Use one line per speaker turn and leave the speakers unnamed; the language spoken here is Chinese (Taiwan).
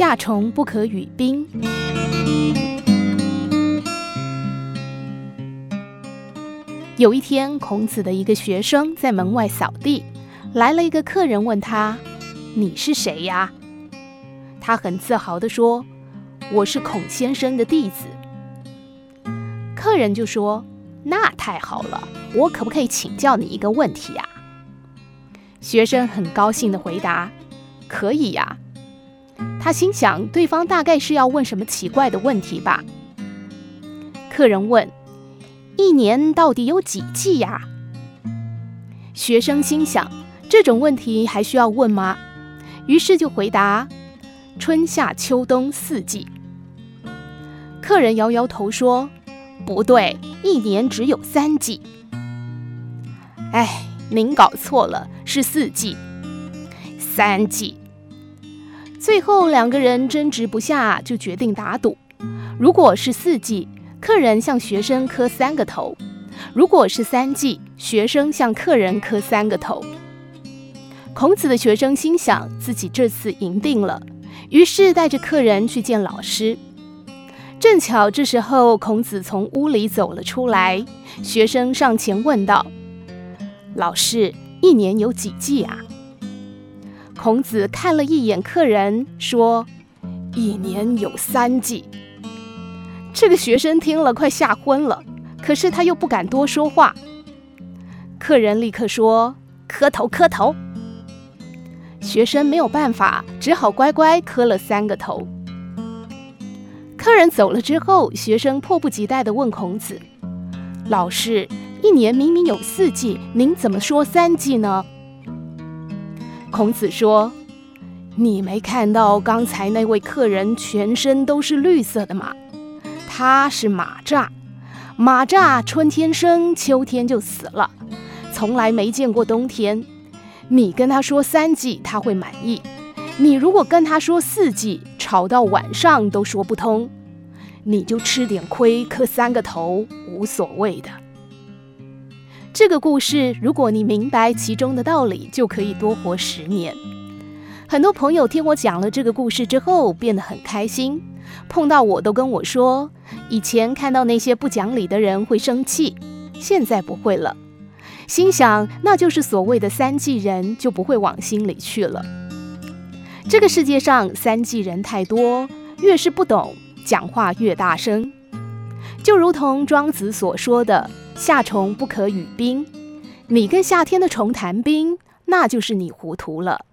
夏蟲不可語冰。有一天，孔子的一個學生在門外掃地，來了一個客人，問他：“你是誰呀？”他很自豪地說：“我是孔先生的弟子。”客人就說：“那太好了，我可不可以請教你一個問題呀？”學生很高興的回答：“可以呀。”他心想，對方大概是要問什麼奇怪的問題吧。客人問：“一年到底有幾季呀？”學生心想，這種問題還需要問嗎？於是就回答：“春夏秋冬四季。”客人搖搖頭說：“不對，一年只有三季。”哎，您搞錯了，是四季。三季。最後兩個人爭執不下，就決定打賭：如果是四季，客人向學生磕三個頭；如果是三季，學生向客人磕三個頭。孔子的學生心想自己這次贏定了，於是帶着客人去見老師。正巧這時候，孔子從屋裡走了出來，學生上前問道：“老師，一年有幾季啊？”孔子看了一眼客人，說：“一年有三季。”這個學生聽了，快嚇昏了，可是他又不敢多說話。客人立刻說：“磕頭，磕頭！”學生沒有辦法，只好乖乖磕了三個頭。客人走了之後，學生迫不及待地問孔子：“老師，一年明明有四季，您怎麼說三季呢？”孔子說：“你沒看到剛才那位客人全身都是綠色的嗎？他是螞蚱，螞蚱春天生，秋天就死了，從來沒見過冬天。你跟他說三季，他會滿意；你如果跟他說四季，吵到晚上都說不通，你就吃點虧，磕三個頭，無所謂的。”這個故事，如果你明白其中的道理，就可以多活十年。很多朋友聽我講了這個故事之後，變得很開心。碰到我都跟我說，以前看到那些不講理的人會生氣，現在不會了。心想，那就是所謂的三季人，就不會往心裡去了。這個世界上，三季人太多，越是不懂，講話越大聲。就如同莊子所說的“夏蟲不可語冰”，你跟夏天的蟲談冰，那就是你糊塗了。